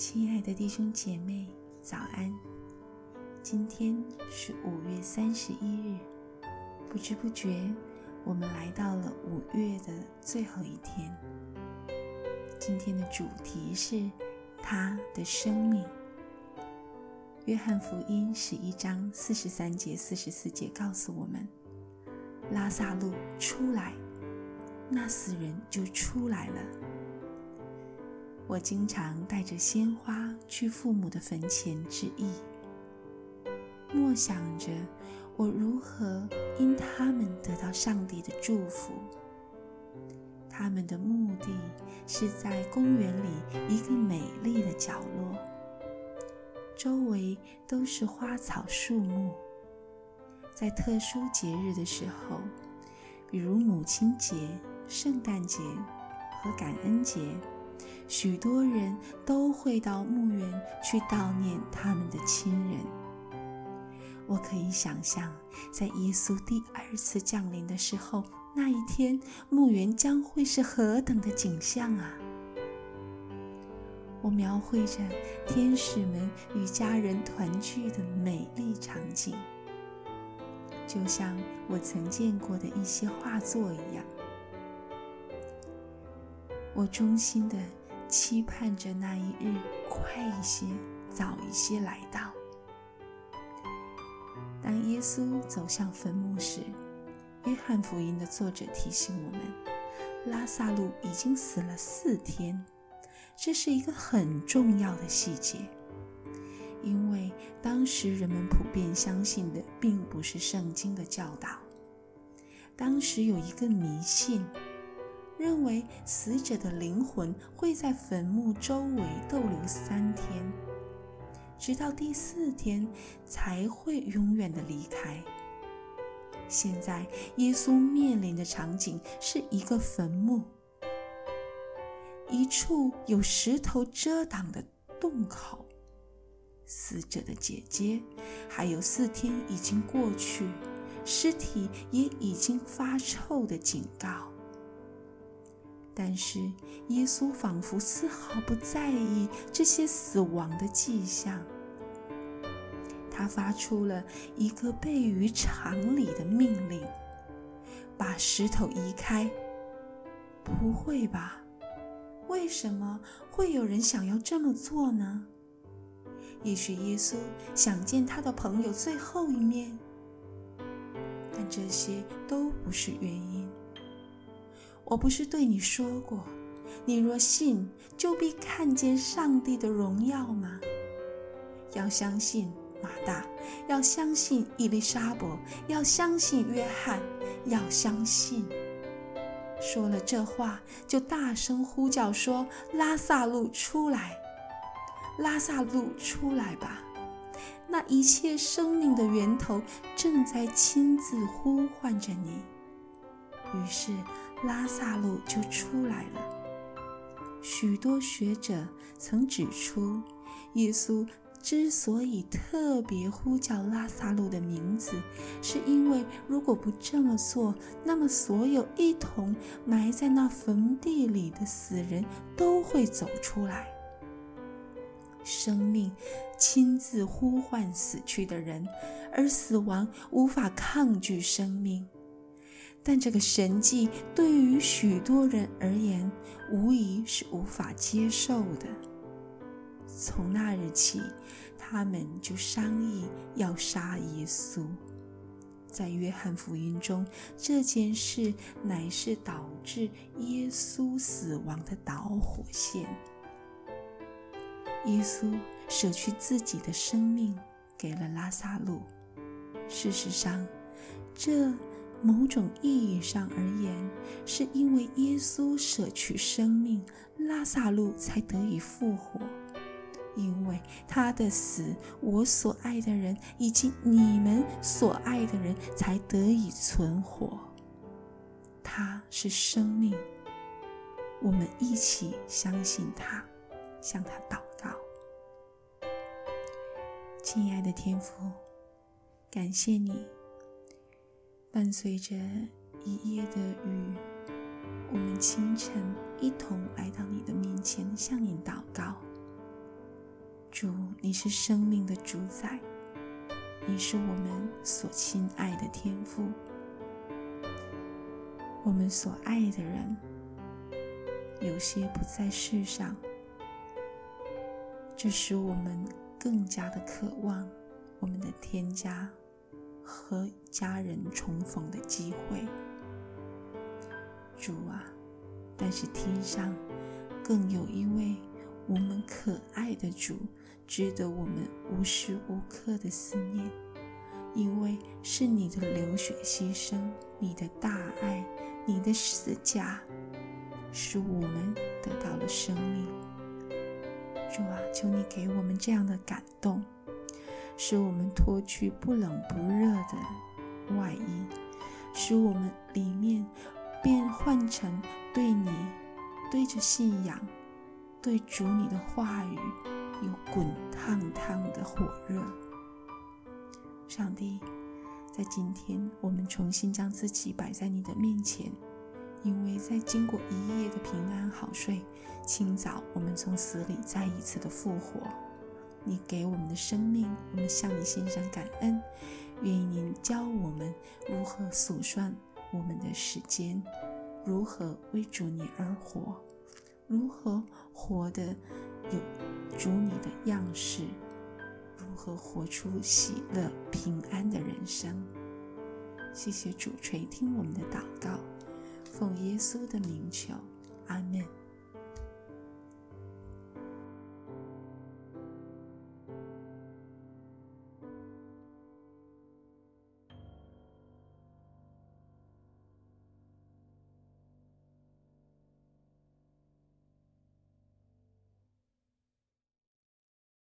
親愛的弟兄姐妹，早安！今天是五月三十一日，不知不覺，我們來到了五月的最後一天。今天的主題是祂的生命。約翰福音十一章四十三節、四十四節告訴我們：拉撒路出來，那死人就出來了。我經常帶着鮮花去父母的墳前致意，默想着我如何因他們得到上帝的祝福。他們的墓地是在公園裡一個美麗的角落，周圍都是花草樹木。在特殊節日的時候，比如母親節、聖誕節和感恩節。許多人都會到墓園去悼念他們的親人。我可以想象，在耶穌第二次降臨的時候，那一天墓園將會是何等的景象啊！我描繪着天使們與家人團聚的美麗場景，就像我曾見過的一些畫作一樣。我衷心的。期盼着那一日快一些、早一些來到。當耶穌走向墳墓時，約翰福音的作者提醒我們，拉撒路已經死了四天。這是一個很重要的細節，因為當時人們普遍相信的並不是聖經的教導。當時有一個迷信。認為死者的靈魂會在墳墓周圍逗留三天，直到第四天才會永遠的離開。現在，耶穌面臨的場景是一個墳墓，一處有石頭遮擋的洞口，死者的姐姐，還有四天已經過去，屍體也已經發臭的警告。但是，耶穌仿佛絲毫不在意這些死亡的跡象。他發出了一個悖於常理的命令：把石頭移開。不會吧？為什麼會有人想要這麼做呢？也許耶穌想見他的朋友最後一面，但這些都不是原因。我不是對你說過，你若信，就必看見上帝的榮耀嗎？要相信馬大，要相信伊麗莎白，要相信約翰，要相信。說了這話，就大聲呼叫說：“拉薩路出來，拉薩路出來吧！”那一切生命的源頭正在親自呼喚着你。於是。拉薩路就出來了。許多學者曾指出，耶穌之所以特別呼叫拉薩路的名字，是因為如果不這麼做，那麼所有一同埋在那墳地裡的死人都會走出來。生命親自呼喚死去的人，而死亡無法抗拒生命。但這個神蹟對於許多人而言，無疑是無法接受的。從那日起，他們就商議要殺耶穌。在約翰福音中，這件事乃是導致耶穌死亡的導火線。耶穌捨去自己的生命，給了拉撒路。事實上，這。某種意義上而言，是因為耶穌捨去生命，拉撒路才得以復活；因為他的死，我所愛的人以及你們所愛的人才得以存活。他是生命，我們一起相信他，向他禱告。親愛的天父，感謝你。伴隨着一夜的雨，我們清晨一同來到你的面前，向你禱告。主，你是生命的主宰，你是我們所親愛的天父。我們所愛的人有些不在世上，這使我們更加的渴望我們的天家。和家人重逢的機會，主啊！但是天上更有一位我們可愛的主，值得我們無時無刻的思念。因為是你的流血犧牲，你的大愛，你的十架，使我們得到了生命。主啊，求你給我們這樣的感動。使我們脫去不冷不熱的外衣，使我們裡面變換成對你、對着信仰、對主你的話語有滾燙燙的火熱。上帝，在今天，我們重新將自己擺在你的面前，因為在經過一夜的平安好睡，清早我們從死裡再一次的復活。你給我們的生命，我們向你獻上感恩，願意您教我們如何數算我們的時間，如何為主你而活，如何活得有主你的樣式，如何活出喜樂平安的人生。謝謝主垂聽我們的禱告，奉耶穌的名求，阿門。